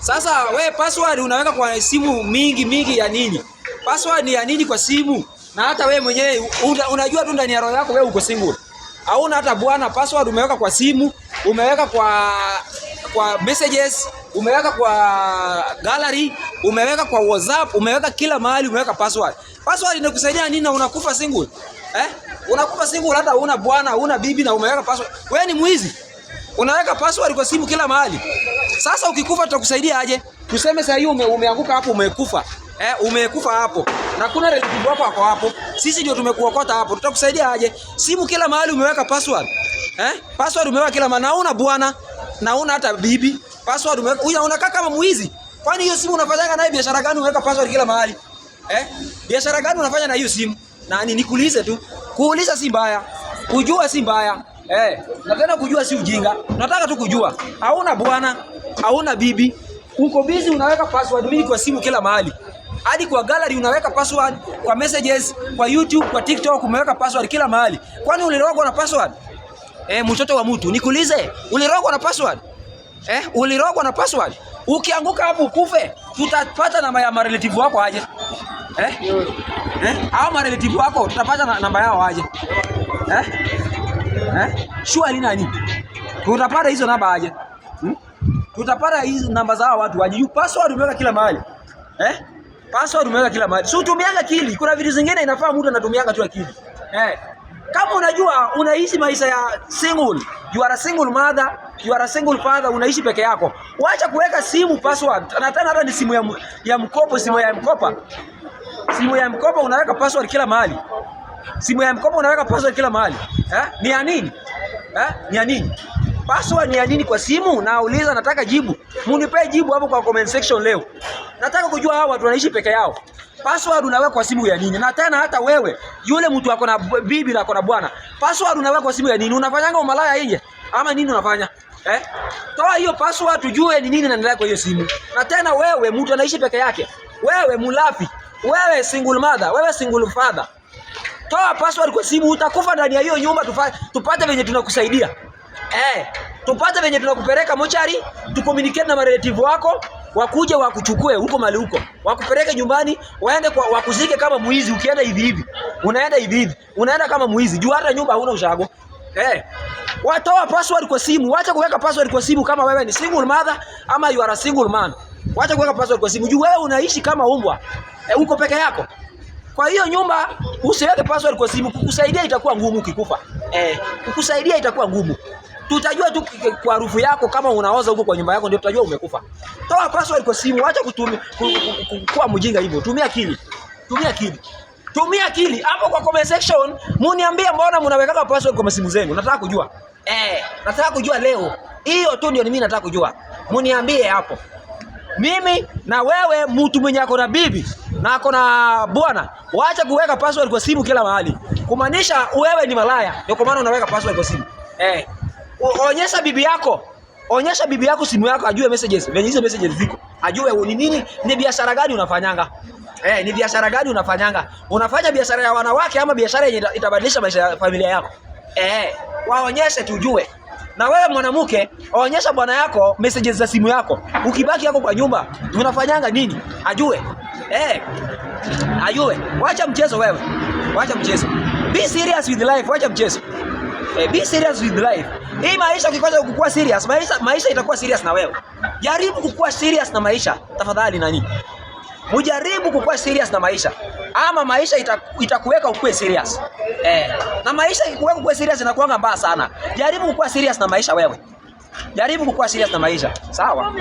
Sasa we password unaweka kwa simu mingi mingi ya nini? Password ni ya nini kwa simu? Na hata we mwenyewe unajua tu ndani ya roho yako we uko single. Hauna hata bwana, password umeweka kwa simu, umeweka kwa kwa messages, umeweka kwa gallery, umeweka kwa WhatsApp, umeweka kila mahali umeweka password. Password inakusaidia nini na unakufa single? Eh? Unakufa single hata una bwana, una bibi na umeweka password. Wewe ni mwizi. Unaweka password kwa simu kila mahali. Sasa ukikufa tutakusaidia aje? Tuseme sasa hiyo ume, umeanguka hapo umekufa. Eh, umekufa hapo. Na kuna relative wako hapo hapo. Sisi ndio tumekuokota hapo. Tutakusaidia aje? Simu kila mahali umeweka password. Eh? Password umeweka kila mahali. Naona bwana, naona hata bibi. Password umeweka. Huyu unakaa kama muizi. Kwani hiyo simu unafanyaga naye biashara gani umeweka password kila mahali? Eh? Biashara gani unafanya na hiyo simu? Na ni nikuulize tu. Kuuliza si mbaya. Kujua si mbaya. Eh, na tena kujua si ujinga. Nataka tu kujua. Hauna bwana hauna bibi, uko busy unaweka password mimi kwa simu kila mahali hadi kwa gallery unaweka password, kwa messages, kwa YouTube, kwa TikTok umeweka password kila mahali. Kwani ulirogwa na password? Eh, mtoto wa mtu, nikuulize, ulirogwa na password? Eh, ulirogwa na password? Ukianguka hapo ukufe, tutapata namba ya relative wako aje? Eh? Eh? Hao relative wako tutapata namba yao aje? Eh? Eh? Shua ni nani? Utapata hizo namba aje? Hmm? tutapata hizi namba za watu waje. Password umeweka kila mahali eh? Password umeweka kila mahali, sio tumianga akili. Kuna vitu zingine inafaa mtu anatumianga tu akili eh. Kama unajua unaishi maisha ya single, you are a single mother, you are a single father, unaishi peke yako, wacha kuweka simu password, na tena hata ni simu ya, ya mkopo, simu ya mkopa, simu ya mkopa unaweka password kila mahali, simu ya mkopa unaweka password kila mahali eh? ni ya nini eh? ni ya nini? Password ni ya nini kwa simu? Nauliza, nataka jibu. Munipee jibu hapo kwa comment section leo. Nataka kujua hawa watu wanaishi peke yao. Password unaweka kwa simu ya nini? Na tena hata wewe, yule mtu ako na bibi na ako na bwana. Password unaweka kwa simu ya nini? Unafanyanga umalaya ije? Ama nini unafanya? Eh? Toa hiyo password tujue ni nini inaendelea kwa hiyo simu. Na tena wewe mtu anaishi peke yake. Wewe mulafi. Wewe single mother, wewe single father. Toa password kwa simu, utakufa ndani ya hiyo nyumba tupate venye tunakusaidia eh, tupate venye tunakupeleka mochari, tukomunicate na marelative wako wakuje wakuchukue huko mali huko, wakupeleke nyumbani, waende kwa wakuzike kama muizi. Ukienda hivi hivi, unaenda hivi hivi, unaenda kama muizi juu hata nyumba huna ushago eh. Watoa password kwa simu, wacha kuweka password kwa simu kama wewe ni single mother ama you are a single man. Wacha kuweka password kwa simu juu wewe unaishi kama umbwa eh, uko peke yako. Kwa hiyo nyumba usiweke password kwa simu, kukusaidia itakuwa ngumu kikufa. Eh, kukusaidia itakuwa ngumu. Tutajua tu kwa harufu yako, kama unaoza huko kwa nyumba yako, ndio tutajua umekufa. Toa password kwa simu, acha kutumia kuwa mjinga hivyo. Tumia akili, tumia akili, tumia akili. Hapo kwa comment section muniambie, mbona mnawekaga password kwa simu zenu? Nataka kujua eh, nataka kujua leo. Hiyo tu ndio mimi nataka kujua, muniambie hapo. Mimi na wewe, mtu mwenye ako na bibi na ako na bwana, waacha kuweka password kwa simu kila mahali, kumaanisha wewe ni malaya. Ndio kwa maana unaweka password kwa simu eh. Onyesha bibi yako, onyesha bibi yako simu yako, ajue messages venye hizo messages ziko, ajue ni nini, ni biashara gani unafanyanga. Eh, ni biashara gani unafanyanga? Unafanya biashara ya wanawake ama biashara yenye itabadilisha maisha ya familia yako? Eh, waonyeshe tujue. Na wewe mwanamke, onyesha bwana yako messages za simu yako. Ukibaki yako kwa nyumba, unafanyanga nini? Ajue. Eh, ajue. Wacha mchezo wewe. Wacha mchezo. Be serious with life. Wacha mchezo eh, be serious with life. Hii maisha ukikosa kukua serious, maisha maisha itakuwa serious na wewe. Jaribu kukua serious na maisha tafadhali, nani mujaribu kukua serious na maisha ama maisha itakuweka ita ukue serious eh. Na maisha ikikuweka ukue serious inakuanga mbaya sana. Jaribu kukua serious na maisha wewe, jaribu kukua serious na maisha sawa.